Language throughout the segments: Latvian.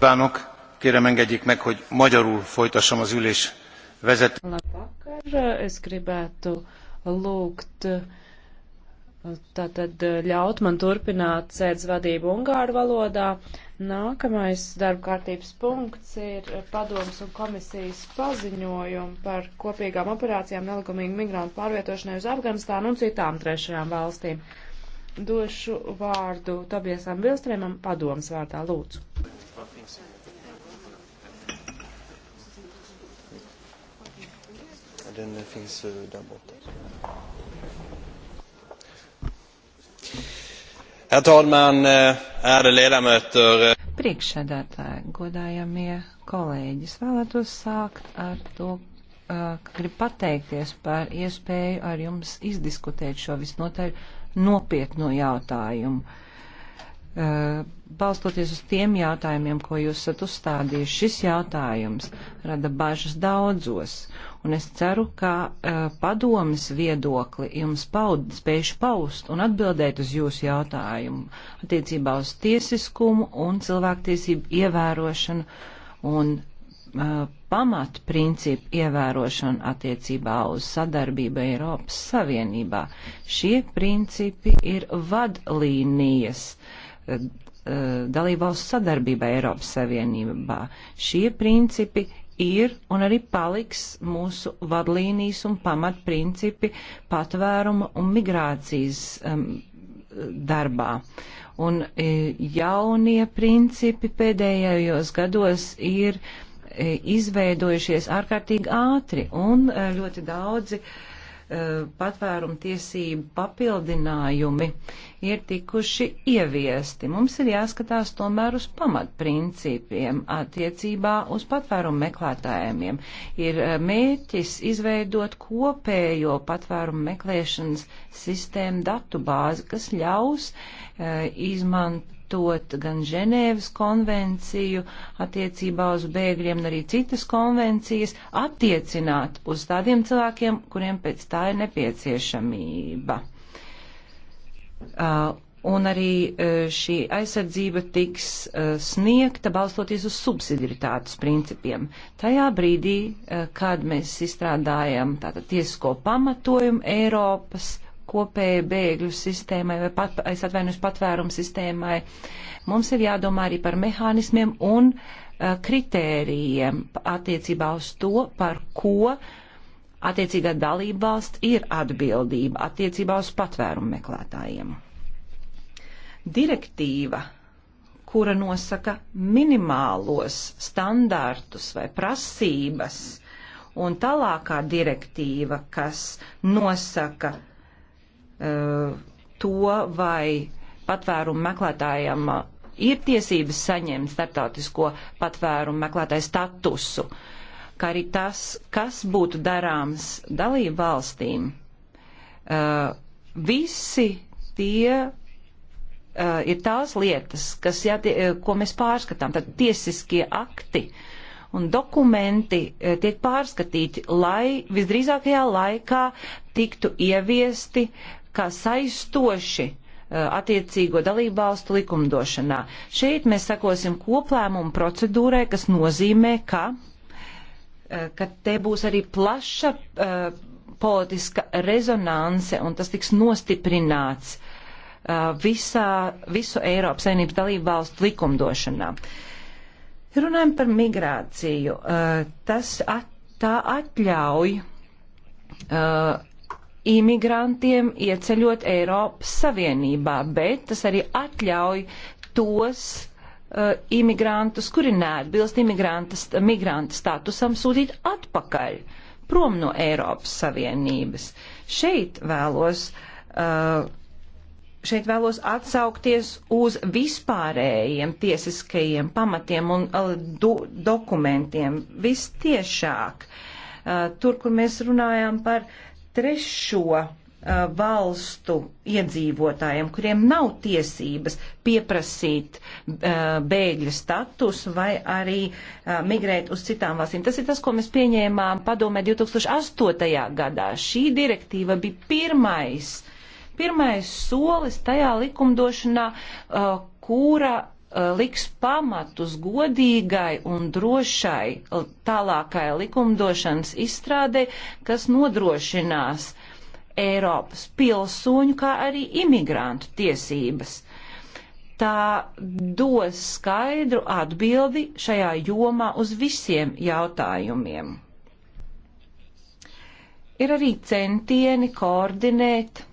kívánok! Kérem engedjék meg, hogy magyarul folytassam az ülés vezető. Labvakar, es gribētu lūgt tātad ļaut man turpināt sēdz vadību Ungāru valodā. Nākamais darba kārtības punkts ir padoms un komisijas paziņojumi par kopīgām operācijām nelikumīgu migrantu pārvietošanai uz Afganistānu un citām trešajām valstīm. Došu vārdu Tobiesam Vilstrēmam padoms vārdā lūdzu. And then I think it's uh, doubled. Herr talman, eh, ärade ledamöter. Eh. Priekšsēdētāji, godājamie kolēģi, es vēlētos sākt ar to, uh, gribu pateikties par iespēju ar jums izdiskutēt šo visnotaļ nopietno jautājumu. Uh, balstoties uz tiem jautājumiem, ko jūs esat uzstādījuši, šis jautājums rada bažas daudzos, un es ceru, ka uh, eh, padomas viedokli jums paud, spējuši paust un atbildēt uz jūsu jautājumu attiecībā uz tiesiskumu un cilvēktiesību ievērošanu un uh, eh, pamat principu ievērošanu attiecībā uz sadarbību Eiropas Savienībā. Šie principi ir vadlīnijas uh, dalībvalstu sadarbība Eiropas Savienībā. Šie principi ir un arī paliks mūsu vadlīnijas un pamatprincipi patvēruma un migrācijas um, darbā. Un e, jaunie principi pēdējos gados ir e, izveidojušies ārkārtīgi ātri un e, ļoti daudzi uh, Eh, patvērumu tiesību papildinājumi ir tikuši ieviesti. Mums ir jāskatās tomēr uz pamatprincipiem attiecībā uz patvērumu meklētājiem. Ir eh, mērķis izveidot kopējo patvērumu meklēšanas sistēmu datubāzi, kas ļaus eh, izmantot izmantot gan Ženēvas konvenciju attiecībā uz bēgļiem, arī citas konvencijas, attiecināt uz tādiem cilvēkiem, kuriem pēc tā ir nepieciešamība. Uh, un arī uh, šī aizsardzība tiks uh, sniegta balstoties uz subsidiaritātes principiem. Tajā brīdī, uh, kad mēs izstrādājam tātad tiesisko pamatojumu Eiropas kopēja bēgļu sistēmai vai pat, es atvainojos patvērumu sistēmai. Mums ir jādomā arī par mehānismiem un uh, kritērijiem attiecībā uz to, par ko attiecīgā dalība valsts ir atbildība attiecībā uz patvērumu meklētājiem. Direktīva kura nosaka minimālos standartus vai prasības, un tālākā direktīva, kas nosaka Eh, to, vai patvērumu meklētājam eh, ir tiesības saņemt starptautisko patvērumu meklētāju statusu, kā arī tas, kas būtu darāms dalību valstīm. Uh, visi tie uh, ir tās lietas, kas, jā, tie, ko mēs pārskatām, tad tiesiskie akti, uh, un dokumenti eh, tiek pārskatīti, lai visdrīzākajā laikā tiktu ieviesti kā saistoši eh, attiecīgo dalībvalstu likumdošanā. Šeit mēs sakosim koplēmumu procedūrai, kas nozīmē, ka, eh, ka te būs arī plaša uh, politiska rezonance un tas tiks nostiprināts uh, visā, visu Eiropas saimnības dalībvalstu likumdošanā. Uh, Runājam par migrāciju. Uh, tas at, tā atļauj uh, imigrantiem ieceļot Eiropas Savienībā, bet tas arī atļauj tos uh, imigrantus, kuri neatbilst imigranta statusam, sūtīt atpakaļ prom no Eiropas Savienības. Šeit vēlos uh, šeit vēlos atsaukties uz vispārējiem tiesiskajiem pamatiem un uh, do, dokumentiem vistiešāk. Uh, tur, kur mēs runājām par trešo uh, valstu iedzīvotājiem, kuriem nav tiesības pieprasīt bēgļa status vai arī migrēt uz citām valstīm. Tas ir tas, ko mēs pieņēmām padomē 2008. gadā. Šī direktīva bija pirmais uh, pirmais solis tajā likumdošanā, uh, kura uh, liks pamatus godīgai un drošai uh, tālākai likumdošanas izstrādē, kas nodrošinās Eiropas pilsoņu, kā arī imigrantu tiesības tā dos skaidru atbildi šajā jomā uz visiem jautājumiem. Ir arī centieni koordinēt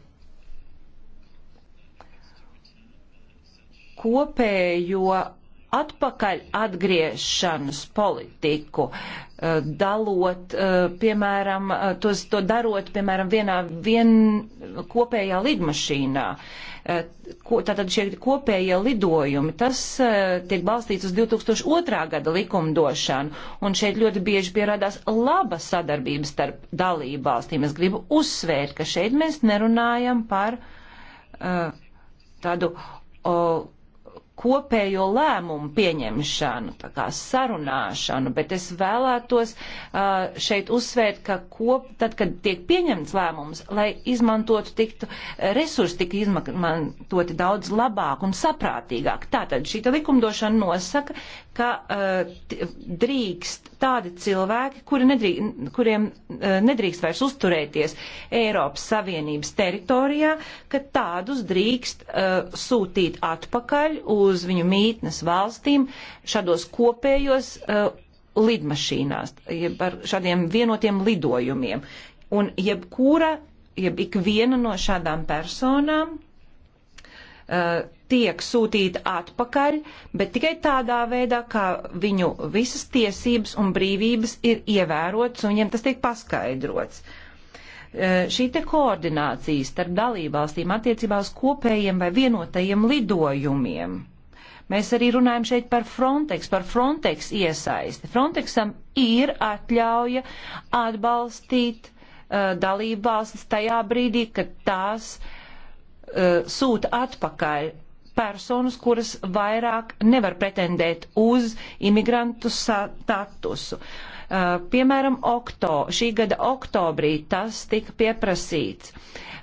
kopējo atpakaļ atgriešanas politiku, eh, dalot, eh, piemēram, eh, tos, to darot, piemēram, vienā vien kopējā lidmašīnā. Ko, tātad šie kopējie lidojumi, tas tiek balstīts uz 2002. gada likumdošanu, un šeit ļoti bieži pierādās laba sadarbības starp dalību valstīm. Es gribu uzsvērt, ka šeit mēs nerunājam par tādu. O, kopējo lēmumu pieņemšanu, tā kā sarunāšanu, bet es vēlētos uh, šeit uzsvērt, ka kop, tad, kad tiek pieņemts lēmums, lai izmantotu tiktu, resursi tik izmantoti daudz labāk un saprātīgāk. Tātad šī likumdošana nosaka, ka uh, drīkst tādi cilvēki, kuri nedrīk, kuriem uh, nedrīkst vairs uzturēties Eiropas Savienības teritorijā, ka tādus drīkst uh, sūtīt atpakaļ uz uz viņu mītnes valstīm šādos kopējos uh, lidmašīnās, jeb ar šādiem vienotiem lidojumiem. Un jebkura, jeb ikviena no šādām personām uh, tiek sūtīta atpakaļ, bet tikai tādā veidā, kā viņu visas tiesības un brīvības ir ievērotas un viņiem tas tiek paskaidrots. Uh, šī te koordinācija starp dalībvalstīm attiecībā uz kopējiem vai vienotajiem lidojumiem. Mēs arī runājam šeit par Frontex, par Frontex iesaisti. Frontexam ir atļauja atbalstīt uh, dalību valstis tajā brīdī, kad tās uh, sūta atpakaļ personas, kuras vairāk nevar pretendēt uz imigrantu statusu. Uh, piemēram, okto, šī gada oktobrī tas tika pieprasīts.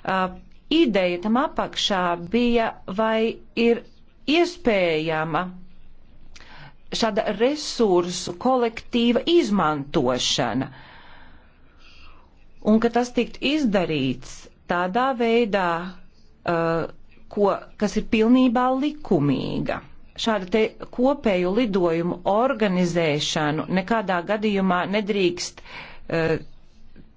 Uh, ideja tam apakšā bija, vai ir iespējama šāda resursu kolektīva izmantošana un ka tas tiktu izdarīts tādā veidā, uh, ko, kas ir pilnībā likumīga. Šāda te kopēju lidojumu organizēšanu nekādā gadījumā nedrīkst uh,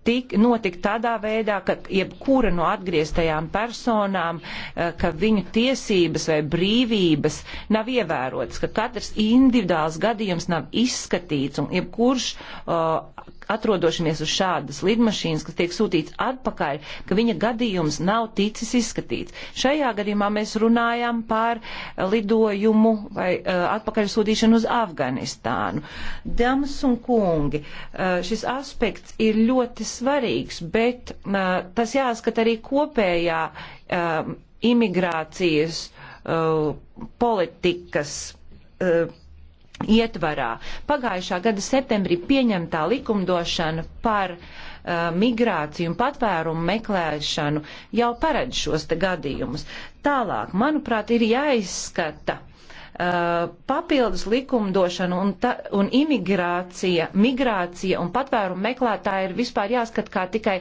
tik, notikt tādā veidā, ka jebkura no atgrieztajām personām, eh, ka viņu tiesības vai brīvības nav ievērotas, ka katrs individuāls gadījums nav izskatīts un jebkurš uh, atrodošamies uz šādas lidmašīnas, kas tiek sūtīts atpakaļ, ka viņa gadījums nav ticis izskatīts. Šajā gadījumā mēs runājam par lidojumu vai uh, atpakaļ sūtīšanu uz Afganistānu. Dāmas un kungi, uh, šis aspekts ir ļoti svarīgs, bet uh, tas jāskat arī kopējā uh, imigrācijas uh, politikas. Uh, ietvarā. Pagājušā gada septembrī pieņemtā likumdošana par uh, migrāciju un patvērumu meklēšanu jau paredz šos te gadījumus. Tālāk, manuprāt, ir jāizskata Uh, papildus likumdošana un, ta, un imigrācija, migrācija un patvērumu meklētāji ir vispār jāskat kā tikai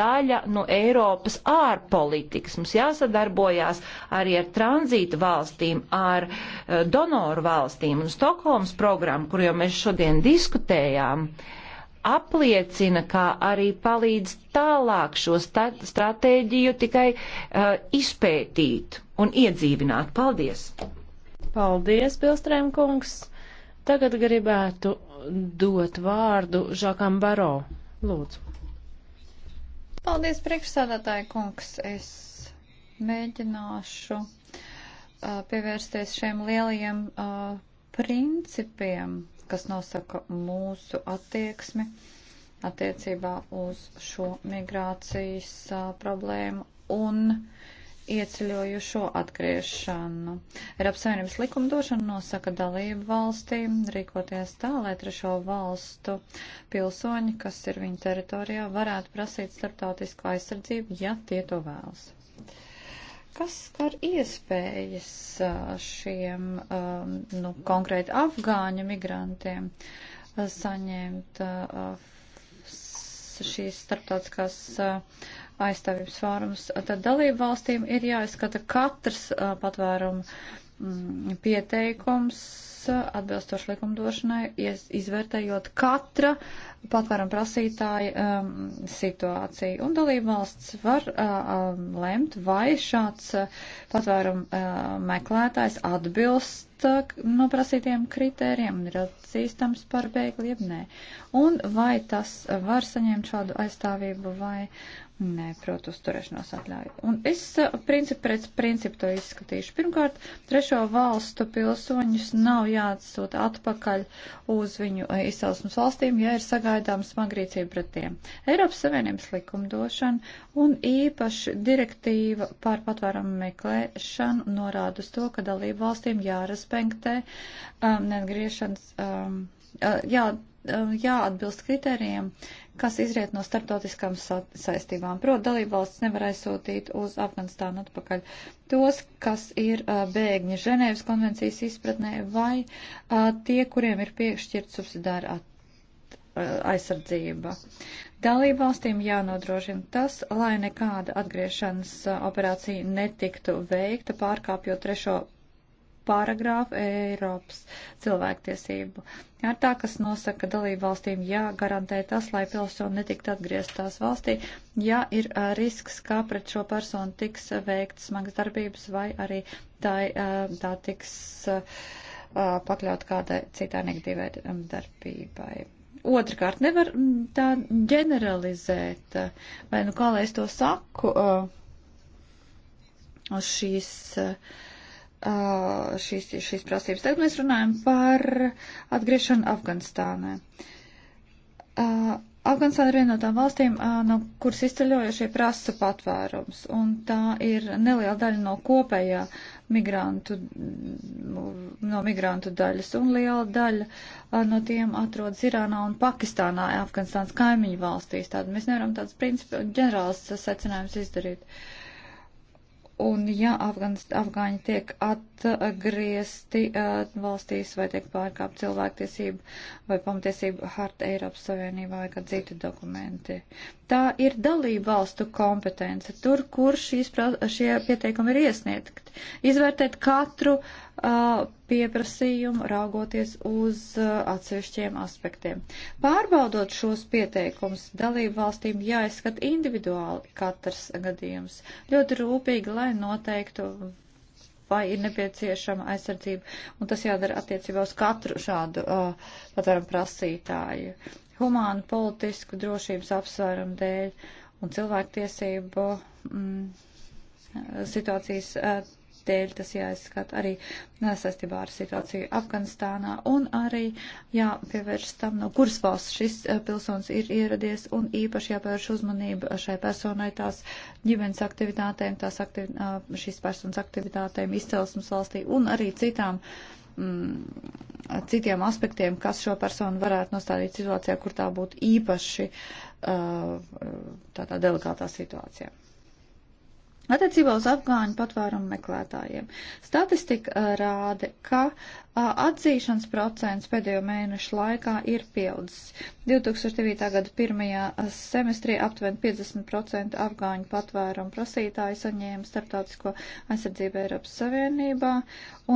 daļa no Eiropas ārpolitikas. Mums jāsadarbojās arī ar tranzītu valstīm, ar uh, donoru valstīm un Stokholmas programmu, kur jau mēs šodien diskutējām. Apliecina, kā arī palīdz tālāk šo stratēģiju tikai uh, izpētīt un iedzīvināt. Paldies! Paldies, Pilstrēm kungs! Tagad gribētu dot vārdu Žakam Baro. Lūdzu. Paldies, priekšsādātāji kungs. Es mēģināšu uh, pievērsties šiem lielajiem uh, principiem, kas nosaka mūsu attieksmi attiecībā uz šo migrācijas uh, problēmu un ieceļojušo atgriešanu. Eiropas Savienības likumdošana nosaka dalību valstīm rīkoties tā, lai trešo valstu pilsoņi, kas ir viņu teritorijā, varētu prasīt starptautisku aizsardzību, ja tie to vēlas. Kas skar iespējas šiem nu, konkrēti afgāņu migrantiem saņemt šīs starptautiskās uh, aizstāvības fórums, tad dalību valstīm ir jāizskata katrs uh, patvērumu mm, pieteikums atbilstoši likumdošanai, iz, izvērtējot katra patvērumu prasītāja um, situāciju. Un dalību valsts var uh, lemt, vai šāds uh, patvērumu uh, meklētājs atbilst uh, no prasītiem kritērijiem un ir atzīstams par bēgli, jeb nē. Un vai tas var saņemt šādu aizstāvību vai Nē, proti, uzturēšanās atļauju. Un es eh, principu pret principu to izskatīšu. Pirmkārt, trešo valstu pilsoņus nav jāatsūta atpakaļ uz viņu eh, izcelsmes valstīm, ja ir sagaidām smagrīcība pret tiem. Eiropas Savienības likumdošana un īpaši direktīva par patvērumu meklēšanu norāda uz to, ka dalību valstīm jārespektē um, neatgriešanas, um, uh, jā, um, jāatbilst kritērijiem, uh, kas izriet no starptautiskām sa saistībām. Proti, dalībvalsts nevar aizsūtīt uz Afganistānu atpakaļ tos, kas ir uh, bēgņi Ženēvas konvencijas izpratnē, vai uh, tie, kuriem ir piešķirt subsidāra at, uh, aizsardzība. Dalībvalstīm jānodrošina tas, lai nekāda atgriešanas operācija netiktu veikta pārkāpjot trešo paragrāfu Eiropas cilvēktiesību. Ar tā, kas nosaka, ka dalību valstīm jāgarantē tas, lai pilsoni netikt atgrieztās valstī, ja ir uh, risks, kā pret šo personu tiks veikts smagas darbības vai arī tā, uh, tā tiks uh, pakļaut kādai citai negatīvai darbībai. Otrakārt, nevar tā ģeneralizēt, vai nu kā lai es to saku, uz šīs uh, šīs, šīs prasības. Tagad mēs runājam par atgriešanu Afganistānā. Afganistāna ir viena no tām valstīm, no kuras izceļojušie prasa patvērums, un tā ir neliela daļa no kopējā migrantu, no migrantu daļas, un liela daļa no tiem atrodas Irānā un Pakistānā, Afganistānas kaimiņu valstīs. Tātad mēs nevaram tāds principu ģenerāls secinājums izdarīt. Uh, Un ja Afganist, afgāņi tiek atgriezti uh, valstīs vai tiek pārkāpt cilvēktiesību vai pamatiesību harta Eiropas Savienībā vai kā citi dokumenti. Tā ir dalība valstu kompetence, tur, kur šīs, šie pieteikumi ir iesniegti. Izvērtēt katru uh, pieprasījumu raugoties uz atsevišķiem aspektiem. Pārbaudot šos pieteikumus, dalību valstīm jāizskata individuāli katrs gadījums, ļoti rūpīgi, lai noteiktu, vai ir nepieciešama aizsardzība, un tas jādara attiecībā uz katru šādu uh, patvērumu prasītāju. Humānu, politisku, drošības apsvērumu dēļ un cilvēktiesību mm, situācijas uh, dēļ tas jāizskata arī saistībā ar situāciju Afganistānā un arī jāpievērš tam, no kuras valsts šis eh, pilsonis ir ieradies un īpaši jāpievērš uzmanība šai personai tās ģimenes aktivitātēm, tās aktiv, eh, šīs personas aktivitātēm izcelsmes valstī un arī citām mm, citiem aspektiem, kas šo personu varētu nostādīt situācijā, kur tā būtu īpaši eh, tādā delikātā situācijā. Attiecībā uz afgāņu patvērumu meklētājiem. Statistika uh, rāda, ka uh, atzīšanas procents pēdējo mēnešu laikā ir pieaudzis. 2009. gada pirmajā uh, semestrī aptuveni 50% afgāņu patvērumu prasītāji saņēma starptautisko aizsardzību Eiropas Savienībā,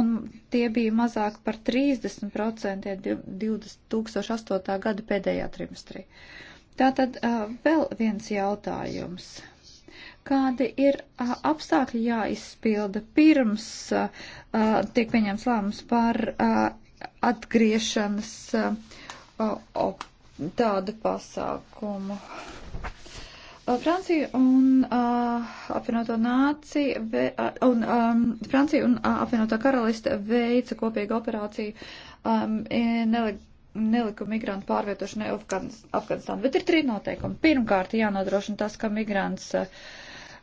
un tie bija mazāk par 30% 2008. gada pēdējā trimestrī. Tātad vēl viens jautājums kādi ir a, apstākļi jāizpilda pirms a, a, tiek pieņems lēmums par a, atgriešanas a, o, tādu pasākumu. Francija un uh, apvienoto nāciju, un um, Francija un uh, apvienoto karaliste veica kopīgu operāciju um, nelegāli nelika migrantu pārvietošanai Afganistānu, bet ir trīs noteikumi. Pirmkārt, jānodrošina tas, ka migrants uh,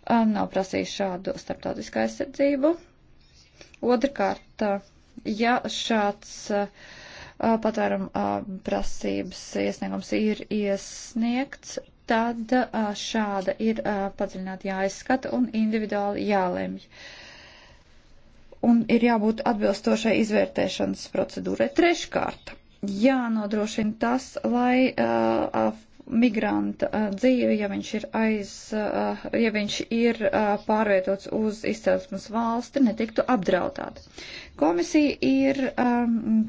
Uh, nav prasījis šādu starptautisku aizsardzību. Otrakārt, uh, ja šāds uh, patvērumu prasības iesniegums ir iesniegts, tad šāda ir padziļināti jāizskata un individuāli jālemj. Un ir jābūt atbilstošai izvērtēšanas procedūrai. Treškārt, jānodrošina tas, lai uh, migranta uh, dzīvi, ja viņš ir, aiz, uh, ja viņš ir uh, pārvietots uz izcelsmes valsti, netiktu apdraudāta. Komisija ir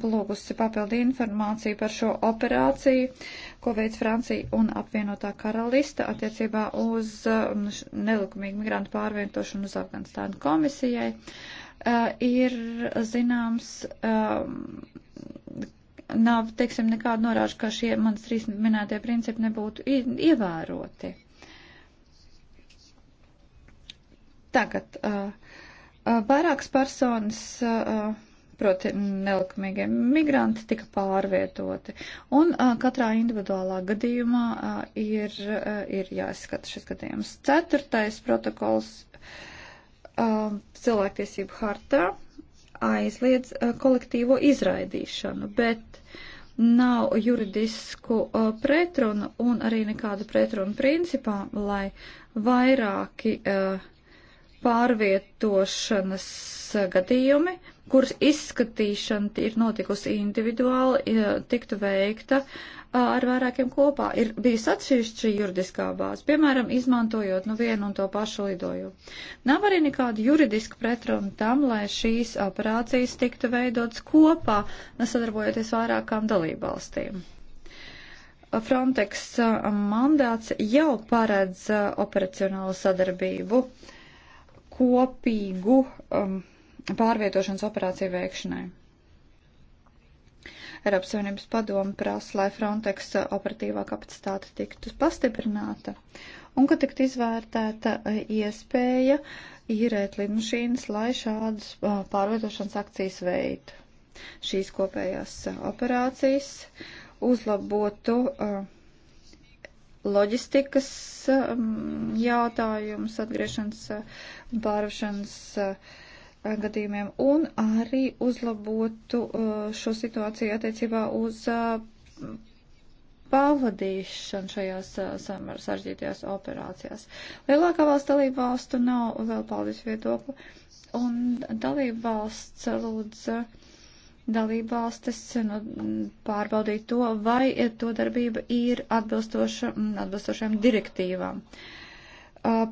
plūgusi um, papildi informāciju par šo operāciju, ko veids Francija un apvienotā karalista attiecībā uz um, nelikumīgu migrantu pārvietošanu uz Afganistānu komisijai. Ir zināms, um, nav, teiksim, nekāda norāža, ka šie manas trīs minētie principi nebūtu ievēroti. Tagad uh, vairākas personas, uh, proti nelikumīgie migranti, tika pārvietoti. Un uh, katrā individuālā gadījumā uh, ir, uh, ir jāizskata šis gadījums. Ceturtais protokols uh, cilvēktiesību hartā aizliedz eh, kolektīvo izraidīšanu, bet nav juridisku eh, pretrunu un arī nekādu pretrunu principā, lai vairāki eh, pārvietošanas gadījumi, kuras izskatīšana ir notikusi individuāli, tiktu veikta uh, ar vairākiem kopā. Ir bijusi atsevišķa juridiskā bāze, piemēram, izmantojot nu vienu un to pašu lidojumu. Nav arī nekādu juridisku pretrunu tam, lai šīs operācijas tiktu veidotas kopā, nesadarbojoties vairākām dalībvalstīm. Frontex mandāts jau paredz operacionālu sadarbību kopīgu um, pārvietošanas operāciju veikšanai. Eiropas Savienības padoma prasa, lai Frontex uh, operatīvā kapacitāte tiktu pastiprināta un ka tiktu izvērtēta uh, iespēja īrēt lidmašīnas, lai šādas uh, pārvietošanas akcijas veidu. Šīs kopējās operācijas uzlabotu uh, loģistikas um, jautājums, atgriešanas, pārvešanas uh, Eh, gadījumiem un arī uzlabotu eh, šo situāciju attiecībā uz eh, pavadīšanu šajās sarežģītajās operācijās. Lielākā valsts dalība valstu nav vēl paldis viedokli, un dalība valsts lūdz dalība valstis nu, pārbaudīt to, vai to darbība ir atbilstoša, mm, atbilstošām direktīvām.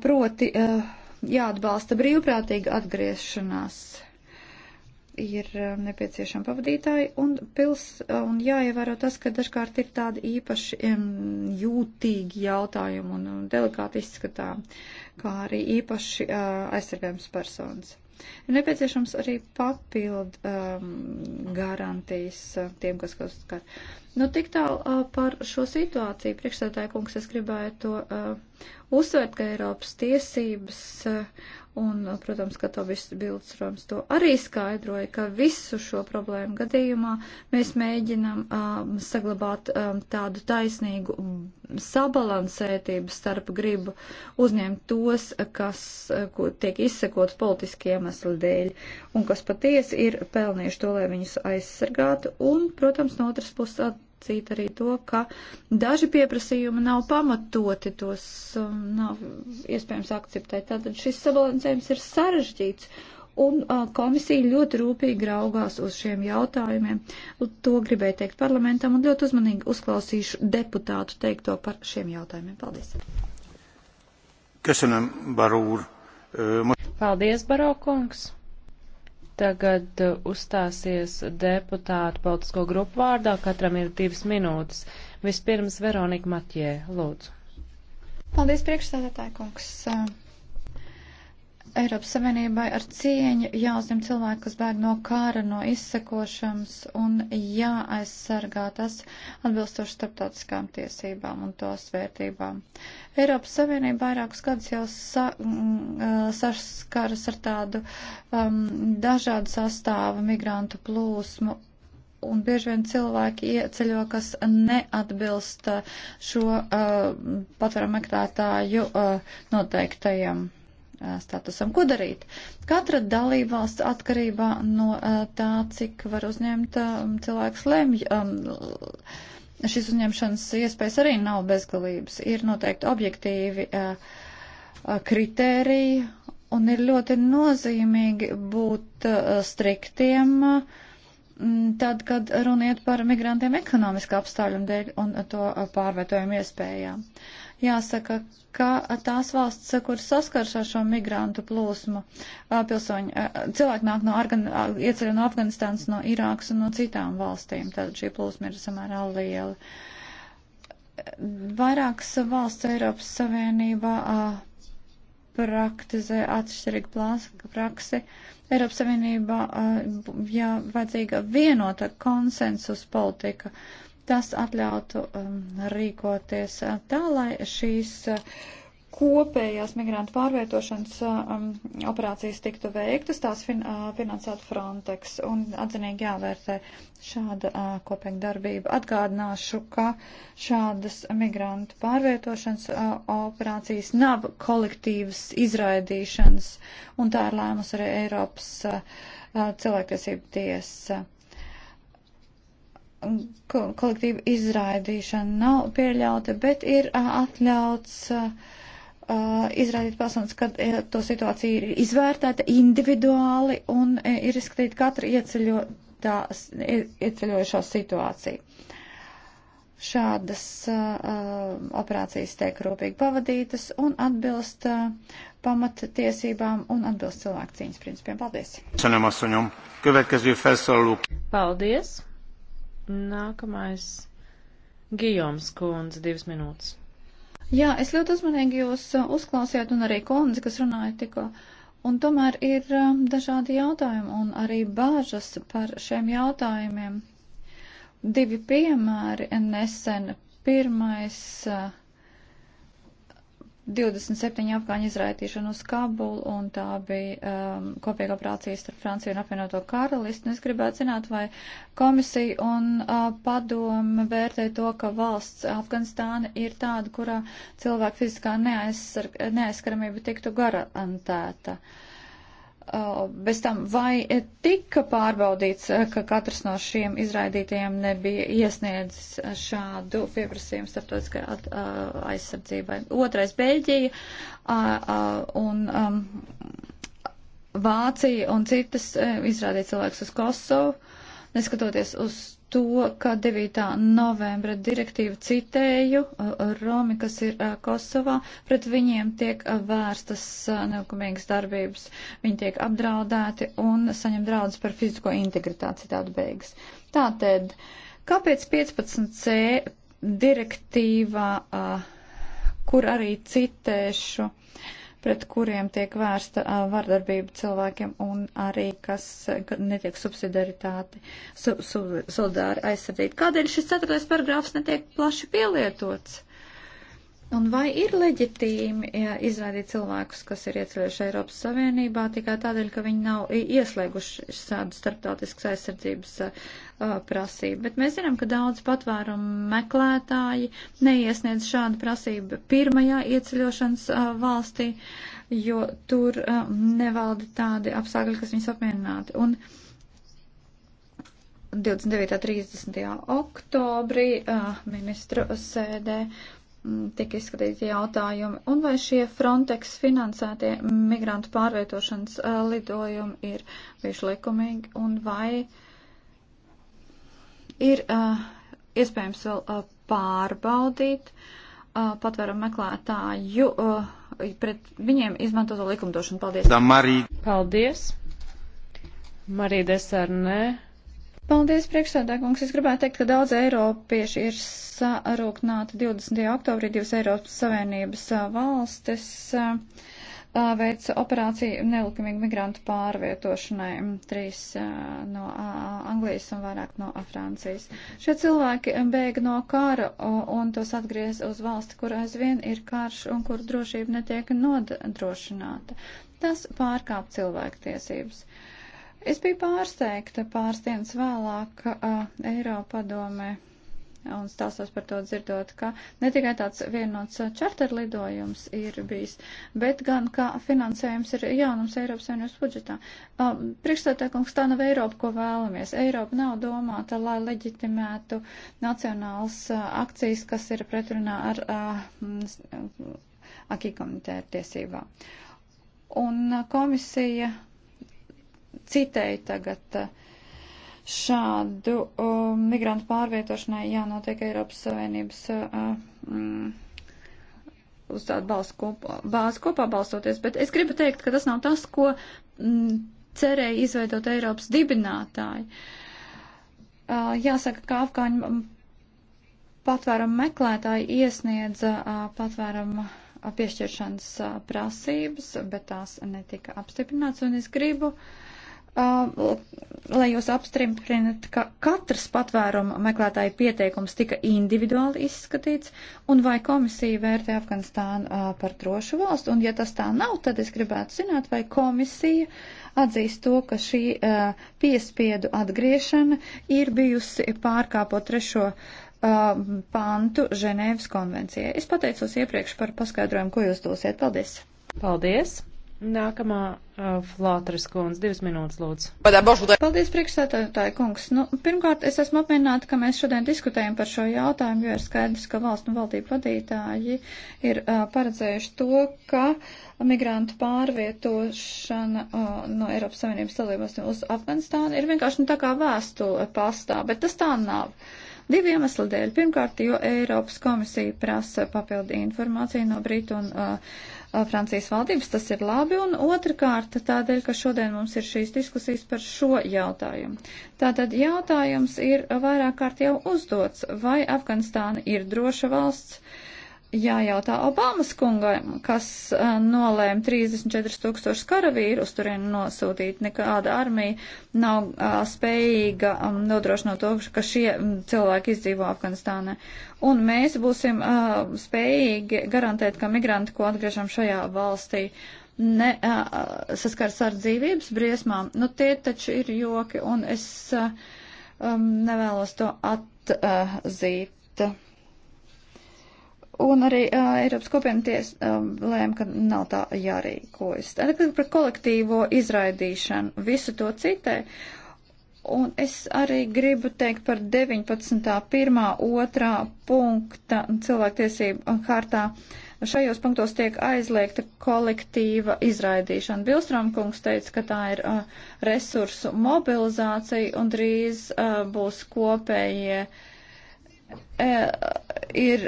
Proti, jāatbalsta brīvprātīga atgriešanās. Ir eh, nepieciešami pavadītāji un, pils, eh, un jāievēro tas, ka dažkārt ir tādi īpaši um, jūtīgi jautājumi un, un delikāti izskatām, kā arī īpaši uh, aizsargājums personas. Ir nepieciešams arī papildu um, garantijas tiem, kas kaut kādā Nu, tik tālu uh, par šo situāciju. Priekšsētāja kungs, es gribēju to uh, uzsvērt, ka Eiropas tiesības uh, un, uh, protams, ka to viss bildsrojums to arī skaidroja, ka visu šo problēmu gadījumā mēs mēģinam uh, saglabāt um, tādu taisnīgu sabalansētību starp gribu uzņemt tos, kas uh, tiek izsekot politiski iemesli dēļ un kas patiesi ir pelnījuši to, lai viņus aizsargātu un, protams, no otras puses sacīt arī to, ka daži pieprasījumi nav pamatoti, tos um, nav iespējams akceptēt. Tātad šis sabalansējums ir sarežģīts. Un uh, komisija ļoti rūpīgi raugās uz šiem jautājumiem. To gribēju teikt parlamentam un ļoti uzmanīgi uzklausīšu deputātu teikto par šiem jautājumiem. Paldies! Köszönöm, Baró úr! Paldies, Baró kungs! Tagad uh, uzstāsies deputātu politisko grupu vārdā, katram ir divas minūtes. Vispirms Veronika Matjē, lūdzu. Paldies, priekšsēdētāji kungs. Eiropas Savienībai ar cieņu jāuzņem cilvēki, kas bēg no kara, no izsekošanas un jāaizsargā tas atbilstoši starptautiskām tiesībām un tos vērtībām. Eiropas Savienība vairākus gadus jau sa, saskaras ar tādu um, dažādu sastāvu migrantu plūsmu un bieži vien cilvēki ieceļo, kas neatbilst uh, šo uh, patvaram meklētāju uh, noteiktajam statusam. Ko darīt? Katra dalība valsts atkarībā no tā, cik var uzņemt cilvēks lemj. Šis uzņemšanas iespējas arī nav bezgalības. Ir noteikti objektīvi kritēriji un ir ļoti nozīmīgi būt striktiem tad, kad runiet par migrantiem ekonomiska apstāļu dēļ un to pārvietojumu iespējām. Uh, Jāsaka, ka tās valsts, kuras saskars ar šo migrantu plūsmu, pilsoņi, cilvēki nāk no, Argan, ieceļ no Afganistānas, no Irākas un no citām valstīm, tad šī plūsma ir samērā liela. Vairākas valsts Eiropas Savienībā praktizē atšķirīgu praksi. Eiropas Savienībā, ja vajadzīga vienota konsensus politika, uh, Tas atļautu um, rīkoties uh, tā, lai šīs uh, kopējās migrantu pārvietošanas uh, um, operācijas tiktu veiktas, tās fin, uh, finansētu Frontex un atzinīgi jāvērtē šāda uh, kopēja darbība. Atgādināšu, ka šādas migrantu pārvietošanas uh, operācijas nav kolektīvas izraidīšanas, un tā ir lēmus arī Eiropas uh, cilvēktiesību tiesa. Uh, ko, kolektīva izraidīšana nav pieļauta, bet ir atļauts uh, izraidīt personas, kad uh, to situācija ir izvērtēta individuāli un uh, ir izskatīta katra ieceļotā, ieceļojušā situācija. Šādas uh, operācijas tiek rūpīgi pavadītas un atbilst uh, pamattiesībām un atbilst cilvēku cīņas principiem. Paldies! Paldies! Nākamais Gijoms kundze, divas minūtes. Jā, es ļoti uzmanīgi jūs uh, uzklausījāt un arī kundze, kas runāja tikko. Un tomēr ir um, dažādi jautājumi un arī bāžas par šiem jautājumiem. Divi piemēri nesen. Pirmais. Uh, 27 afgāņu izraitīšanu uz Kabulu, un tā bija um, kopīga operācija starp Franciju un apvienoto karalistu. Un es gribētu zināt, vai komisija un uh, padome vērtē to, ka valsts Afganistāna ir tāda, kurā cilvēku fiziskā neaizskaramība tiktu garantēta. Uh, Uh, bez tam, vai tika pārbaudīts, uh, ka katrs no šiem izraidītajiem nebija iesniedzis uh, šādu pieprasījumu starptautiskai aizsardzībai? Otrais - Beļģija un um, Vācija un citas izrādīja cilvēks uz Kosovu neskatoties uz to, ka 9. novembra direktīvu citēju, uh, Romi, kas ir uh, Kosovā, pret viņiem tiek uh, vērstas neukumīgas darbības, viņi tiek apdraudēti un saņem draudus par fizisko integritāti citādi beigas. Tātad, kāpēc 15c direktīvā, kur arī citēšu, uh, pret kuriem tiek vērsta vardarbība cilvēkiem un arī, kas netiek subsidiaritāti, su, su, solidāri aizsardzīti. Kādēļ šis ceturtais paragrāfs netiek plaši pielietots? Un vai ir leģitīmi ja, izraidīt cilvēkus, kas ir ieceļojuši Eiropas Savienībā tikai tādēļ, ka viņi nav ieslēguši tādu starptautiskas aizsardzības uh, prasību? Bet mēs zinām, ka daudz patvērumu meklētāji neiesniedz šādu prasību pirmajā ieceļošanas uh, valstī, jo tur uh, nevalda tādi apstākļi, kas viņus apmierinātu. Un, uh, 29. un 30. oktobrī uh, ministru sēdē Mm, tika izskatīti jautājumi, un vai šie Frontex finansētie migrantu pārvietošanas lidojumi ir bijuši likumīgi, un vai ir uh, iespējams vēl uh, pārbaudīt uh, patvērumu meklētāju, pret viņiem izmantoto likumdošanu. Paldies! Paldies! Marī Desarnē Paldies, priekšsēdētājkungs. Es gribētu teikt, ka daudz eiropieši ir sarūknāti 20. oktobrī divas Eiropas Savienības valstis veica operāciju nelikumīgu migrantu pārvietošanai. Trīs no Anglijas un vairāk no Francijas. Šie cilvēki bēga no kara un tos atgriez uz valsti, kur aizvien ir karš un kur drošība netiek nodrošināta. Tas pārkāp cilvēku tiesības. Uh, Es biju pārsteigta pāris dienas vēlāk uh, Eiropadomē un stāstos par to dzirdot, ka ne tikai tāds vienots čarter lidojums ir bijis, bet gan, ka finansējums ir jaunums Eiropas Savienības budžetā. Um, Priekšstādākums tā nav Eiropa, ko vēlamies. Eiropa nav domāta, lai leģitimētu nacionāls uh, akcijas, kas ir pretrunā ar uh, akī komitēru tiesībā. Un komisija citēju tagad. Uh, šādu um, migrantu pārvietošanai jānotiek Eiropas Savienības uh, mm, uz tādu balstu kopā, bāzi kopā balstoties, bet es gribu teikt, ka tas nav tas, ko mm, cerēja izveidot Eiropas dibinātāji. Uh, jāsaka, ka afgāņu mm, patvērumu meklētāji iesniedza uh, patvērumu uh, piešķiršanas uh, prasības, bet tās netika apstiprināts, un es gribu uh, Uh, lai jūs apstiprinat, ka katrs patvēruma meklētāja pieteikums tika individuāli izskatīts, un vai komisija vērtē Afganistānu uh, par drošu valstu, un ja tas tā nav, tad es gribētu zināt, vai komisija atzīst to, ka šī uh, piespiedu atgriešana ir bijusi pārkāpo trešo pantu Ženēvas konvencijai. Es pateicos iepriekš par paskaidrojumu, ko jūs dosiet. Paldies! Paldies! Nākamā uh, Flātras kundze, divas minūtes lūdzu. Paldies, priekšsētātāji kungs. Nu, pirmkārt, es esmu apmierināta, ka mēs šodien diskutējam par šo jautājumu, jo ir skaidrs, ka valsts un valdību vadītāji ir uh, paredzējuši to, ka migrantu pārvietošana uh, no Eiropas Savienības dalībās uz Afganistānu ir vienkārši nu, tā kā vēstule pastā, bet tas tā nav. Uh, Divi iemesli dēļ. Pirmkārt, jo Eiropas komisija prasa papildi informāciju no Brītu un uh, Uh, Francijas valdības, tas ir labi, un otrkārt tādēļ, ka šodien mums ir šīs diskusijas par šo jautājumu. Tātad jautājums ir vairāk kārt jau uzdots, vai Afganistāna ir droša valsts, jājautā Obamas kungam, kas uh, nolēma 34 tūkstošus karavīru uz turieni nosūtīt. Nekāda armija nav uh, spējīga um, nodrošināt to, ka šie um, cilvēki izdzīvo Afganistānā. Un mēs būsim uh, spējīgi garantēt, ka migranti, ko atgriežam šajā valstī, ne, uh, saskars ar dzīvības briesmām. Nu, tie taču ir joki, un es uh, um, nevēlos to atzīt. Uh, zīt. Un arī uh, Eiropas kopiena tiesa um, lēma, ka nav tā jārīkojas. Tagad par kolektīvo izraidīšanu visu to citē. Un es arī gribu teikt par 19.1.2. punkta cilvēktiesību kārtā. Šajos punktos tiek aizliegta kolektīva izraidīšana. Bilstromkungs teica, ka tā ir uh, resursu mobilizācija un drīz uh, būs kopējie uh, E, ir,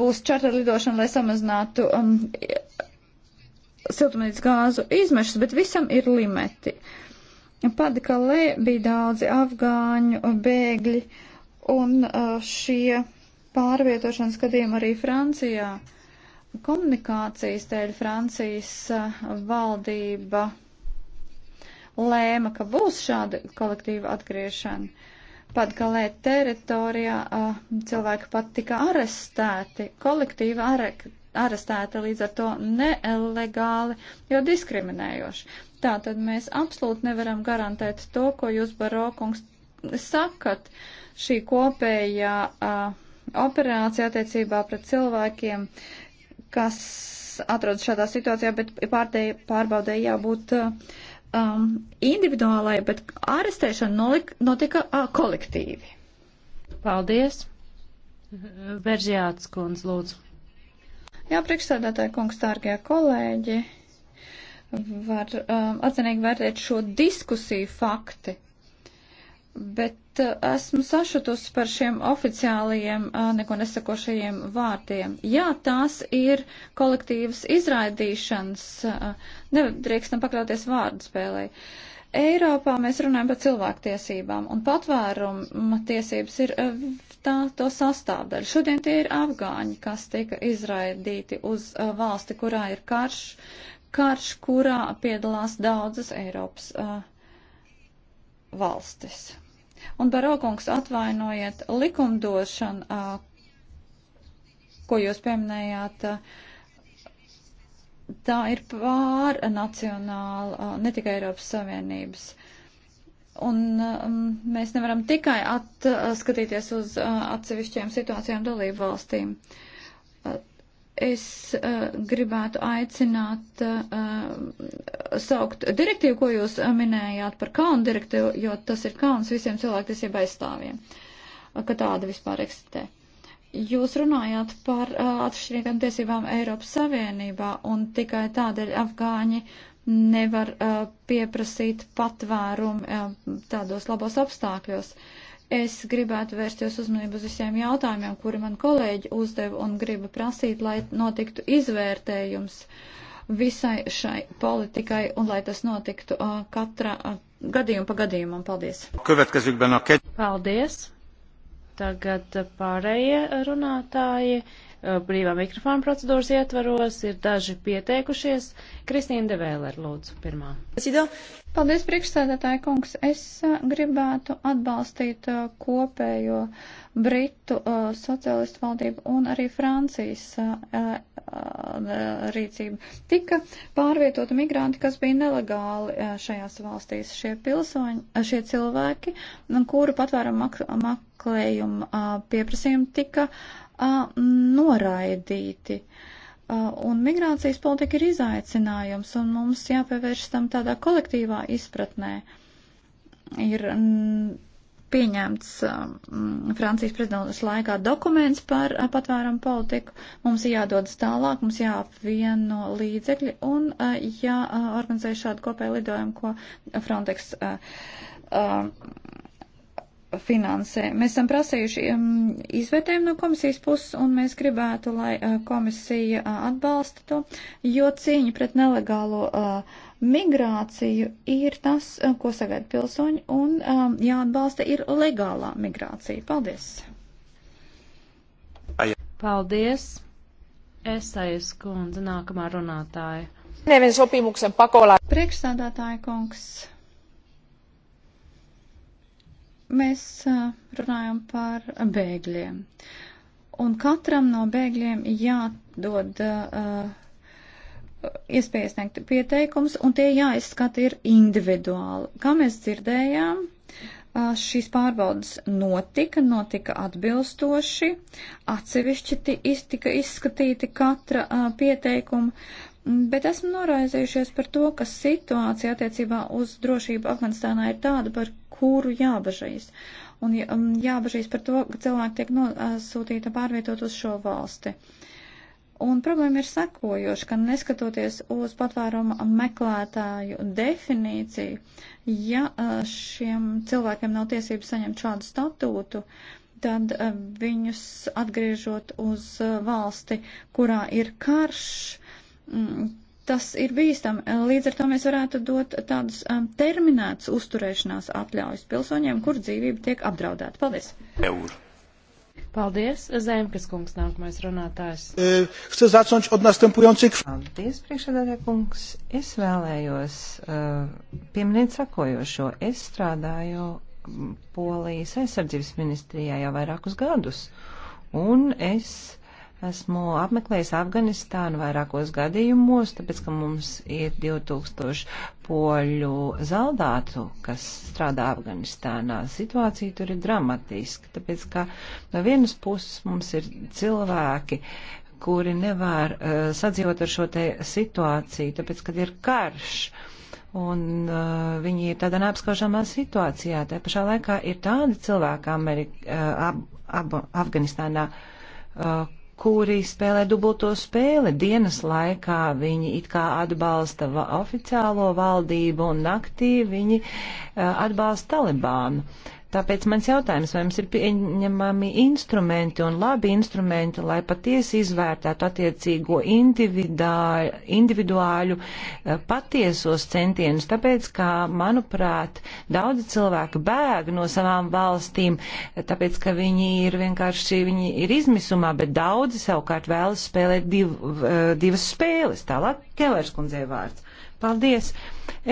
būs čarterlidošana, lai samazinātu um, siltumnīcas gāzu izmešas, bet visam ir limeti. Padikalē bija daudzi afgāņu bēgļi un uh, šie pārvietošanas gadījumi arī Francijā. Komunikācijas dēļ Francijas uh, valdība lēma, ka būs šāda kolektīva atgriešana. Uh, Patgalē teritorijā cilvēki pat tika arestēti, kolektīvi arestēti līdz ar to nelegāli, jo diskriminējoši. Tātad mēs absolūti nevaram garantēt to, ko jūs, Barokungs, sakat. Šī kopējā a, operācija attiecībā pret cilvēkiem, kas atrodas šādā situācijā, bet pārbaudē jābūt. A, um, individuālai, bet arestēšana nolik, notika uh, kolektīvi. Paldies. Veržjāts kundz, lūdzu. Jā, priekšsēdētāji kungs, tārgie kolēģi, var um, atzinīgi vērtēt šo diskusiju fakti, bet Bet esmu sašutusi par šiem oficiālajiem, neko nesakošajiem vārdiem. Jā, tās ir kolektīvas izraidīšanas, nedrīkstam pakļauties vārdu spēlē. Eiropā mēs runājam par cilvēktiesībām, un patvēruma tiesības ir tā to sastāvdaļa. Šodien tie ir afgāņi, kas tika izraidīti uz valsti, kurā ir karš, karš, kurā piedalās daudzas Eiropas uh, valstis. Un Barokungs atvainojiet likumdošanu, ko jūs pieminējāt, tā ir pārnacionāla, ne tikai Eiropas Savienības. Un um, mēs nevaram tikai atskatīties uz uh, atsevišķiem situācijām dalību valstīm. Uh, es uh, gribētu aicināt uh, saukt direktīvu, ko jūs eh, minējāt par kaunu direktīvu, jo tas ir kauns visiem cilvēktiesību aizstāvjiem, ka tāda vispār eksistē. Jūs runājāt par uh, atšķirīgām tiesībām Eiropas Savienībā, un tikai tādēļ afgāņi nevar uh, pieprasīt patvērumu uh, tādos labos apstākļos. Uh, Es gribētu vērst jūs uzmanību uz visiem jautājumiem, kuri man kolēģi uzdeva un gribu prasīt, lai notiktu izvērtējums visai šai politikai un lai tas notiktu uh, katra uh, gadījuma pa gadījumam. Paldies. Paldies. Tagad pārējie runātāji. Uh, brīvā mikrofona procedūras ietvaros ir daži pieteikušies. Kristīna Devēler, lūdzu, pirmā. Paldies, priekšsēdētāji kungs. Es uh, gribētu atbalstīt uh, kopējo Britu socialistu valdību un arī Francijas rīcību. Tika pārvietoti migranti, kas bija nelegāli šajās valstīs. Šie pilsoņi, šie cilvēki, kuru patvērumu meklējumu pieprasījumu tika noraidīti. Un migrācijas politika ir izaicinājums, un mums jāpievērš tam tādā kolektīvā izpratnē. Ir pieņemts Francijas prezidentūras laikā dokuments par patvērumu politiku. Mums ir jādodas tālāk, mums jāapvieno līdzekļi un jāorganizē šādu kopēju lidojumu, ko Frontex finansē. Mēs esam prasījuši um, izvērtējumu no komisijas puses, un mēs gribētu, lai uh, komisija uh, atbalsta to, jo cīņa pret nelegālo uh, migrāciju ir tas, ko sagaida pilsoņi, un um, jāatbalsta ir legālā migrācija. Paldies! Paldies! Esais kundze, nākamā runātāja. Priekšsādātāja kungs. Mēs runājam par bēgļiem. Un katram no bēgļiem jādod uh, iespējas sniegt pieteikums, un tie jāizskata ir individuāli. Kā mēs dzirdējām, šīs pārbaudas notika, notika atbilstoši, atsevišķi tika izskatīti katra pieteikuma Bet esmu noraizējušies par to, ka situācija attiecībā uz drošību Afganistānā ir tāda, par kuru jābažīs. Un um, jābažīs par to, ka cilvēki tiek nosūtīta pārvietot uz šo valsti. Un problēma ir sekojoša, ka neskatoties uz patvēruma meklētāju definīciju, ja uh, šiem cilvēkiem nav tiesības saņemt šādu statūtu, tad uh, viņus atgriežot uz uh, valsti, kurā ir karš, Mm, tas ir bīstami. Līdz ar to mēs varētu dot tādus um, terminētus uzturēšanās atļaujas pilsoņiem, kur dzīvība tiek apdraudēta. Paldies! Eur. Paldies, Zemkas kungs, nākamais runātājs. E, Paldies, priekšsēdētāj kungs. Es vēlējos uh, pieminēt sakojošo. Es strādāju Polijas aizsardzības ministrijā jau vairākus gadus, un es Esmu apmeklējis Afganistānu vairākos gadījumos, tāpēc, ka mums ir 2000 poļu zaldātu, kas strādā Afganistānā. Situācija tur ir dramatiska, tāpēc, ka no vienas puses mums ir cilvēki, kuri nevar uh, sadzīvot ar šo te situāciju, tāpēc, kad ir karš. Un uh, viņi ir tādā neapskaužamā situācijā. Te pašā laikā ir tādi cilvēki Amerika, uh, eh, ab, ab, Afganistānā, uh, kuri spēlē dubulto spēli. Dienas laikā viņi it kā atbalsta va oficiālo valdību un naktī viņi uh, atbalsta Talibānu. Tāpēc mans jautājums, vai mums ir pieņemami instrumenti un labi instrumenti, lai patiesi izvērtētu attiecīgo individuāļu eh, patiesos centienus, tāpēc, ka, manuprāt, daudzi cilvēki bēg no savām valstīm, eh, tāpēc, ka viņi ir vienkārši, viņi ir izmisumā, bet daudzi savukārt vēlas spēlēt div, eh, divas spēles. Tālāk Kelērs kundzei vārds. Paldies!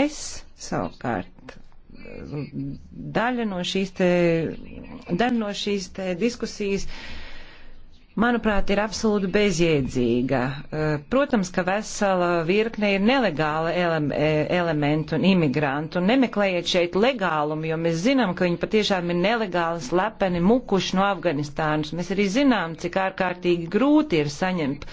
Es savukārt daļa no šīs te, daļa no šīs te diskusijas, manuprāt, ir absolūti bezjēdzīga. Eh, protams, ka vesela virkne ir nelegāla ele eh, elementu un imigrantu. Un nemeklējiet šeit legālumu, jo mēs zinām, ka viņi patiešām ir nelegāli slepeni mukuši no Afganistānas. Mēs arī zinām, cik ārkārtīgi grūti ir saņemt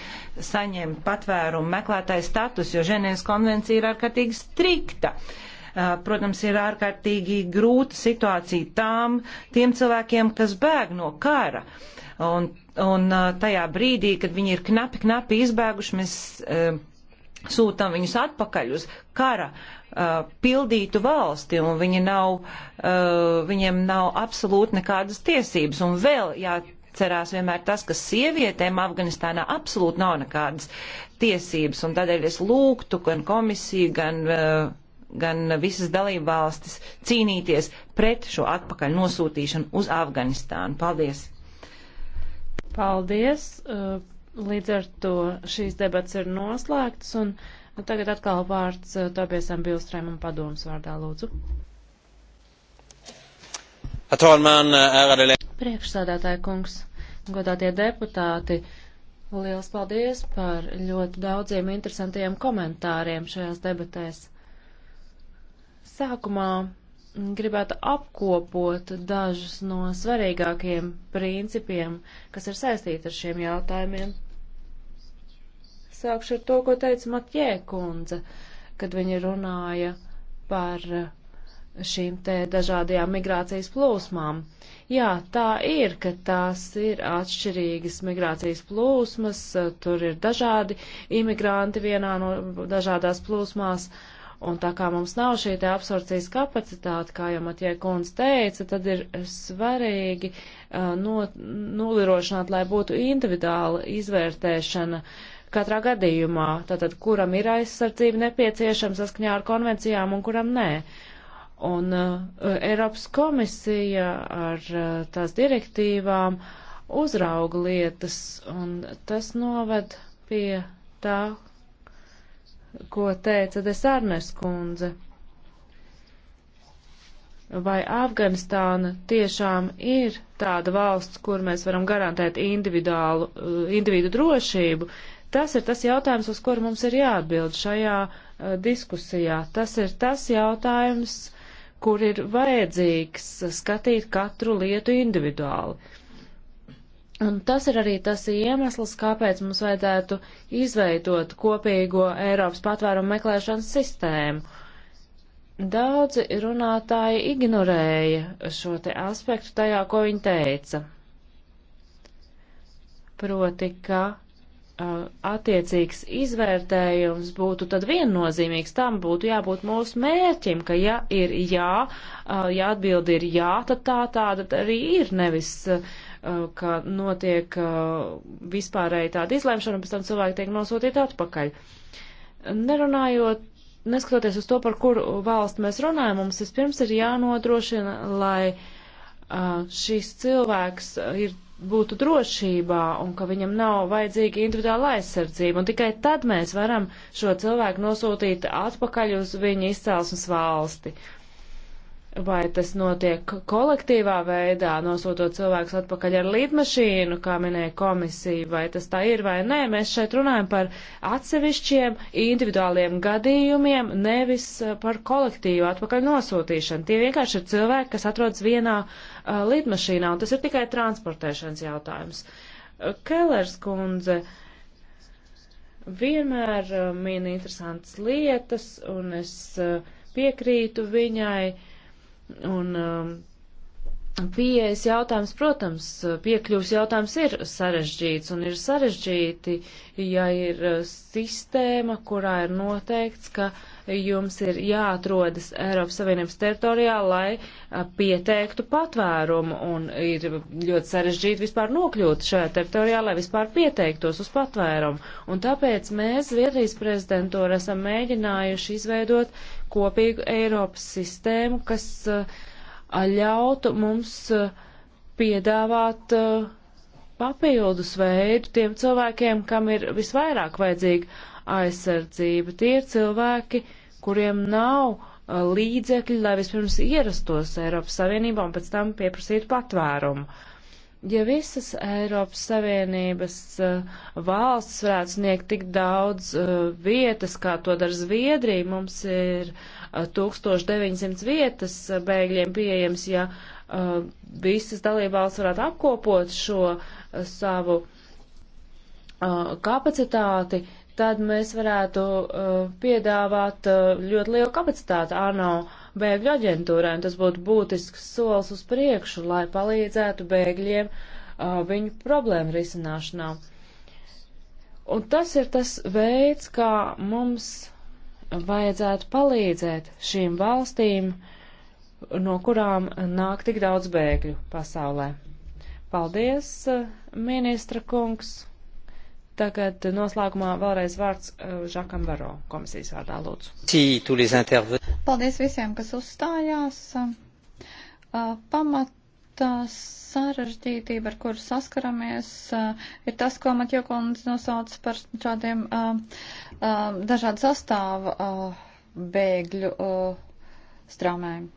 saņem patvērumu meklētāju status, jo Ženēvas konvencija ir ārkārtīgi strikta. Uh, Eh, protams, ir ārkārtīgi grūta situācija tām, tiem cilvēkiem, kas bēg no kara. Un, un eh, tajā brīdī, kad viņi ir knapi, knapi izbēguši, mēs eh, sūtām viņus atpakaļ uz kara uh, pildītu valsti, un viņi nav, uh, viņiem nav absolūti nekādas tiesības. Un vēl jācerās vienmēr tas, ka sievietēm Afganistānā absolūti nav nekādas tiesības, un tādēļ es lūgtu gan komisiju, gan. Uh, gan visas dalībvalstis cīnīties pret šo atpakaļ nosūtīšanu uz Afganistānu. Paldies! Paldies! Uh, līdz ar to šīs debats ir noslēgts, un tagad atkal vārds uh, Tobiesam Bilstrēm un padoms vārdā lūdzu. Äh, Priekšsādātāja kungs, godātie deputāti, liels paldies par ļoti daudziem interesantiem komentāriem šajās debatēs. Sākumā gribētu apkopot dažus no svarīgākajiem principiem, kas ir saistīti ar šiem jautājumiem. Sākšu ar to, ko teica Matjē kundze, kad viņa runāja par šīm te dažādajām migrācijas plūsmām. Jā, tā ir, ka tās ir atšķirīgas migrācijas plūsmas, tur ir dažādi imigranti vienā no dažādās plūsmās, uh, Un tā kā mums nav šī te absorpcijas kapacitāte, kā jau Matija Kunz teica, tad ir svarīgi uh, no, nulirošināt, lai būtu individuāla izvērtēšana katrā gadījumā, tātad kuram ir aizsardzība nepieciešama saskaņā ar konvencijām un kuram nē. Un uh, Eiropas komisija ar uh, tās direktīvām uzrauga lietas, un tas noved pie tā, ko teica Desarnes kundze. Vai Afganistāna tiešām ir tāda valsts, kur mēs varam garantēt individuālu, eh, individu drošību? Tas ir tas jautājums, uz kuru mums ir jāatbild šajā uh, diskusijā. Tas ir tas jautājums, kur ir vajadzīgs skatīt katru lietu individuāli. Uh, Un tas ir arī tas iemesls, kāpēc mums vajadzētu izveidot kopīgo Eiropas patvērumu meklēšanas sistēmu. Daudzi runātāji ignorēja šo te aspektu tajā, ko viņi teica. Proti, ka uh, attiecīgs izvērtējums būtu tad viennozīmīgs, tam būtu jābūt mūsu mērķim, ka ja ir jā, uh, ja atbildi ir jā, tad tā tāda arī ir, nevis uh, Uh, ka notiek uh, vispārēji tāda izlēmšana, un pēc tam cilvēki tiek nosūtīti atpakaļ. Nerunājot, neskatoties uz to, par kuru valstu mēs runājam, mums vispirms ir jānodrošina, lai uh, šis cilvēks ir būtu drošībā un ka viņam nav vajadzīga individuāla aizsardzība. Un tikai tad mēs varam šo cilvēku nosūtīt atpakaļ uz viņa izcelsmes valsti. Uh, Vai tas notiek kolektīvā veidā, nosūtot cilvēkus atpakaļ ar līdmašīnu, kā minēja komisija, vai tas tā ir vai nē? Mēs šeit runājam par atsevišķiem individuāliem gadījumiem, nevis eh, par kolektīvu atpakaļ nosūtīšanu. Tie vienkārši ir cilvēki, kas atrodas vienā uh, eh, līdmašīnā, un tas ir tikai transportēšanas jautājums. Uh, Kellers kundze. Uh, vienmēr uh, min interesantas lietas, un es uh, piekrītu viņai. Un um, pieejas jautājums, protams, piekļuvs jautājums ir sarežģīts un ir sarežģīti, ja ir uh, sistēma, kurā ir noteikts, ka uh, jums ir jāatrodas Eiropas Savienības teritorijā, lai pieteiktu patvērumu, un ir ļoti sarežģīti vispār nokļūt šajā teritorijā, lai vispār pieteiktos uz patvērumu. Un tāpēc mēs Zviedrijas prezidentūra esam mēģinājuši izveidot kopīgu Eiropas sistēmu, kas ļautu mums piedāvāt uh, papildus veidu tiem cilvēkiem, kam ir visvairāk vajadzīga aizsardzība. Tie ir cilvēki, kuriem nav uh, līdzekļi, lai vispirms ierastos Eiropas Savienībā un pēc tam pieprasītu patvērumu. Ja visas Eiropas Savienības uh, valsts varētu sniegt tik daudz uh, vietas, kā to dara Zviedrija, mums ir 1900 uh, vietas uh, bēgļiem pieejams, ja uh, Uh, visas dalībvalsts varētu apkopot šo uh, savu uh, kapacitāti, tad mēs varētu piedāvāt ļoti lielu kapacitāti ANO bēgļu aģentūrai, un tas būtu būtisks solis uz priekšu, lai palīdzētu bēgļiem viņu problēmu risināšanā. Un tas ir tas veids, kā mums vajadzētu palīdzēt šīm valstīm uh, no kurām nāk tik daudz bēgļu pasaulē. Paldies, ministra kungs! Tagad noslēgumā vēlreiz vārds eh, Žakam Baro komisijas vārdā lūdzu. Paldies visiem, kas uzstājās. Eh, pamata sarežģītība, ar kuru saskaramies, eh, ir tas, ko Matjokolins nosauc par šādiem dažādu sastāvu bēgļu straumēm.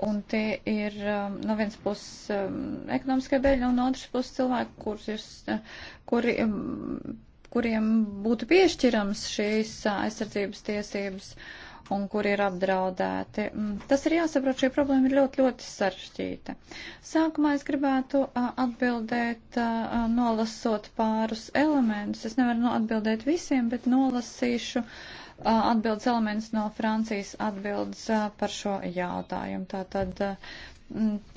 Un tie ir um, no vienas puses um, ekonomiskie dēļ, un no otras puses cilvēki, kurus, uh, kuri, um, kuriem būtu piešķirams šīs uh, aizsardzības tiesības un kuri ir apdraudēti. Mm, tas ir jāsaprot, šī problēma ir ļoti, ļoti sarežģīta. Sākumā es gribētu uh, atbildēt, nolasot pārus elementus. Es nevaru nu atbildēt visiem, bet nolasīšu uh, atbildes elements no Francijas atbildes par šo jautājumu. Tātad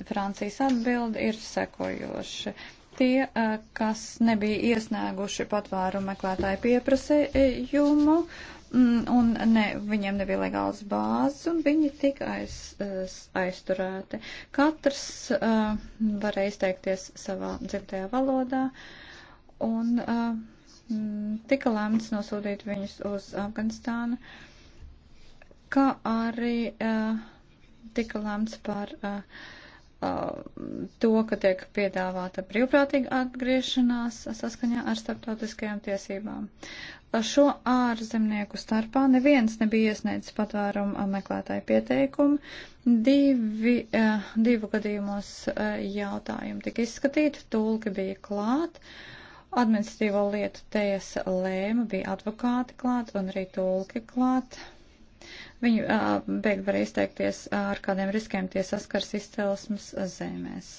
Francijas atbilde ir sekojoši. Tie, kas nebija iesnieguši patvērumu meklētāju pieprasījumu, un ne, viņiem nebija legāls bāzes, un viņi tika aiz, aizturēti. Katrs uh, varēja izteikties savā dzimtajā valodā, un uh, Mm, tika lēmts nosūtīt viņus uz Afganistānu, kā arī uh, tika lēmts par uh, uh, to, ka tiek piedāvāta brīvprātīga atgriešanās saskaņā ar starptautiskajām tiesībām. Ar šo ārzemnieku starpā neviens nebija iesniedzis patvērumu meklētāju pieteikumu. Divi, divu gadījumos jautājumi tika izskatīti, tulki bija klāt. Uh, Administratīvo lietu tiesa lēma, bija advokāti klāt un arī tulki klāt. Viņi beig var izteikties ar kādiem riskiem, tie saskars izcelsmes zemēs.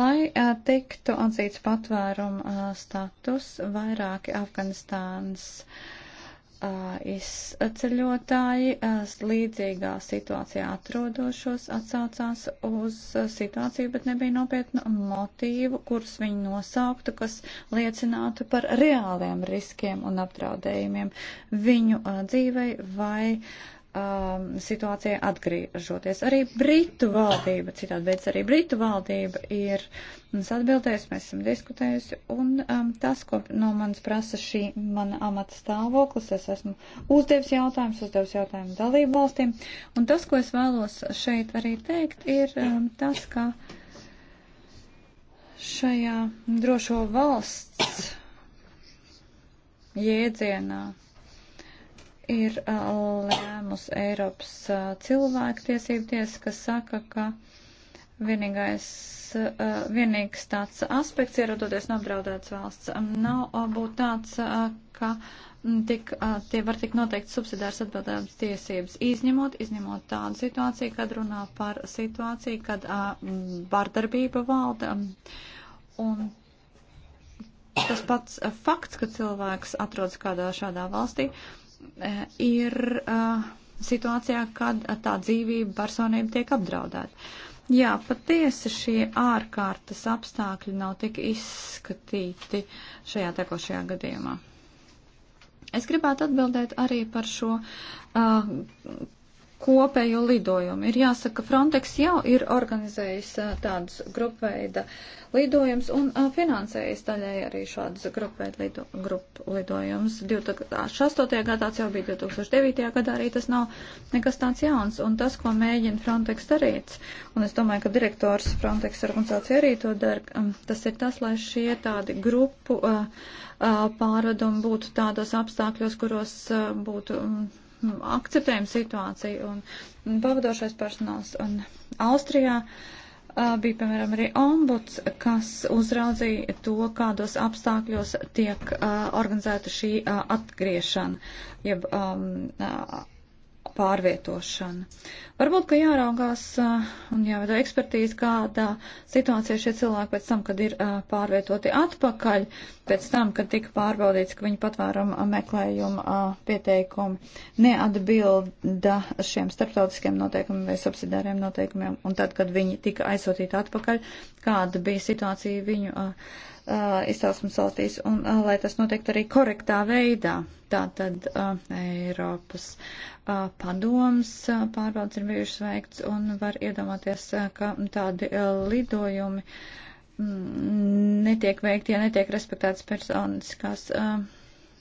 Lai a, tiktu atzīts patvērumu status, vairāki Afganistānas uh, izceļotāji līdzīgā situācijā atrodošos atsaucās uz situāciju, bet nebija nopietnu motīvu, kurus viņi nosauktu, kas liecinātu par reāliem riskiem un apdraudējumiem viņu dzīvei vai um, situācija atgriežoties. Arī Britu valdība, citādi veids arī Britu valdība ir mums atbildējusi, mēs esam diskutējusi, un um, tas, ko no manis prasa šī mana amata stāvoklis, es esmu uzdevis jautājumus, uzdevis jautājumu dalību valstīm, un tas, ko es vēlos šeit arī teikt, ir um, tas, ka šajā drošo valsts jēdzienā ir lēmus Eiropas cilvēktiesību tiesa, kas saka, ka vienīgais, vienīgs tāds aspekts, ierodoties no apdraudētas valsts, nav būt tāds, ka tik, tie var tik noteikti subsidārs atbildības tiesības, izņemot, izņemot tādu situāciju, kad runā par situāciju, kad vardarbība valda. Un tas pats fakts, ka cilvēks atrodas kādā šādā valstī, uh, Eh, ir eh, situācijā, kad tā dzīvība personība tiek apdraudēta. Jā, patiesi šie ārkārtas apstākļi nav tik izskatīti šajā tekošajā gadījumā. Es gribētu atbildēt arī par šo uh, kopējo lidojumu. Ir jāsaka, Frontex jau ir organizējis tādus grupveida lidojumus un finansējis daļai arī šādus grupveida lido, grupu lidojumus. 2008. gadā tas jau bija 2009. gadā arī tas nav nekas tāds jauns. Un tas, ko mēģina Frontex darīt, un es domāju, ka direktors Frontex organizācija arī to dara, tas ir tas, lai šie tādi grupu. Uh, pārvedumi būtu tādos apstākļos, kuros būtu akceptējam situāciju un pavadošais personāls. Un Austrijā bija, piemēram, arī ombuds, kas uzraudzīja to, kādos apstākļos tiek organizēta šī atgriešana, jeb um, pārvietošana. Varbūt, ka jāraugās eh, un jāveido ekspertīzi, kādā situācijā šie cilvēki pēc tam, kad ir eh, pārvietoti atpakaļ, pēc tam, kad tika pārbaudīts, ka viņu patvēruma eh, meklējuma pieteikumi neatbilda šiem starptautiskiem noteikumiem vai subsidāriem noteikumiem, un tad, kad viņi tika aizsūtīti atpakaļ, kāda bija situācija viņu. Uh, uh, izcelsmes valstīs un uh, lai tas notiektu arī korektā veidā. Tātad uh, Eiropas uh, padoms uh, pārbaudas ir bijušas veikts un var iedomāties, uh, ka tādi uh, lidojumi mm, netiek veikti, ja netiek respektētas personiskās uh,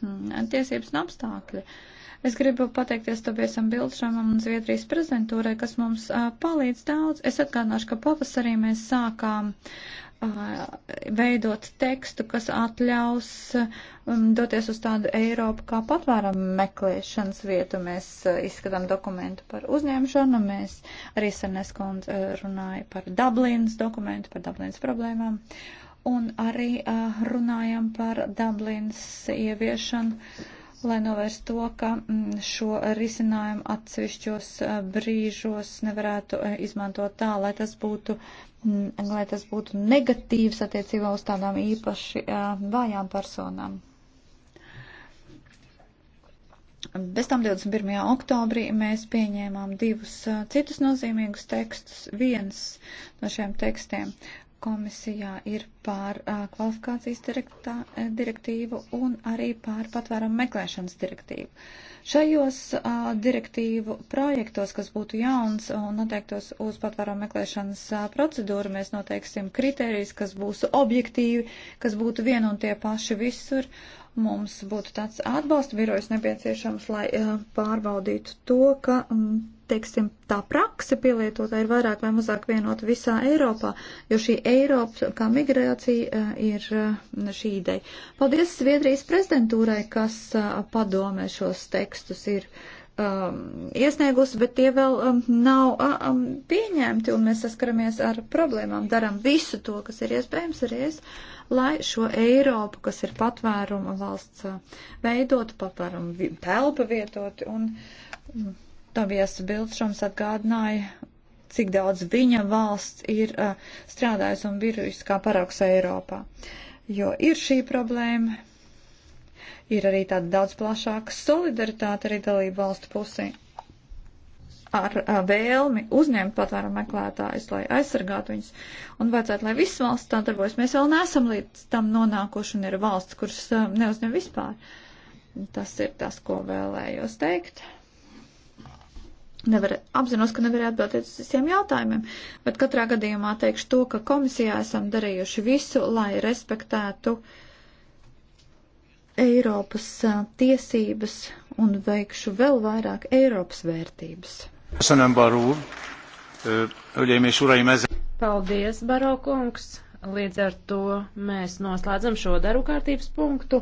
mm, tiesības un apstākļi. Uh, Es gribu pateikties Tobiesam Bildšamam un Zviedrijas prezidentūrai, kas mums palīdz daudz. Es atgādināšu, ka pavasarī mēs sākām veidot tekstu, kas atļaus um, doties uz tādu Eiropu kā patvēram meklēšanas vietu. Mēs izskatām dokumentu par uzņemšanu, mēs arī Sarnes kundze runāja par Dublīnas dokumentu, par Dublīnas problēmām, un arī runājam par Dublīnas ieviešanu lai novērstu to, ka mm, šo risinājumu atsevišķos eh, brīžos nevarētu eh, izmantot tā, lai tas būtu, mm, lai tas būtu negatīvs attiecībā uz tādām īpaši eh, vājām personām. Bez tam 21. oktobrī mēs pieņēmām divus citus nozīmīgus tekstus. Viens no šiem tekstiem komisijā ir pār uh, kvalifikācijas direktā, direktīvu un arī pār patvērumu meklēšanas direktīvu. Šajos uh, direktīvu projektos, kas būtu jauns un noteiktos uz patvērumu meklēšanas uh, procedūru, mēs noteiksim kriterijus, kas būs objektīvi, kas būtu vien un tie paši visur Mums būtu tāds atbalsta birojs nepieciešams, lai eh, pārbaudītu to, ka, mm, teiksim, tā praksa pielietotā ir vairāk vai mazāk vienota visā Eiropā, jo šī Eiropa kā migrācija eh, ir eh, šī ideja. Paldies Sviedrijas prezidentūrai, kas padomē šos tekstus ir um, iesniegusi, bet tie vēl um, nav um, pieņemti, un mēs saskaramies ar problēmām. Daram visu to, kas ir iespējams, arī es lai šo Eiropu, kas ir patvēruma valsts, veidotu patvērumu telpu vietoti. Un mm, Tavijas Bildšoms atgādināja, cik daudz viņa valsts ir uh, strādājusi un bijusi kā paraugs Eiropā. Jo ir šī problēma, ir arī tāda daudz plašāka solidaritāte arī dalību valstu pusē ar vēlmi uzņemt patvērumu meklētājus, lai aizsargātu viņus. Un vajadzētu, lai viss valsts tā darbojas. Mēs vēl neesam līdz tam nonākuši un ir valsts, kuras neuzņem vispār. Tas ir tas, ko vēlējos teikt. Nevar, apzinos, ka nevarēju atbildēt uz visiem jautājumiem, bet katrā gadījumā teikšu to, ka komisijā esam darījuši visu, lai respektētu Eiropas tiesības un veikšu vēl vairāk Eiropas vērtības. Paldies, Barokungs! Līdz ar to mēs noslēdzam šo darbu kārtības punktu.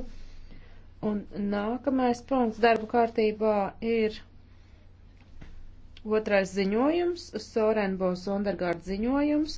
Un nākamais punkts darbu kārtībā ir otrais ziņojums, Sorenbos Ondergārds ziņojums.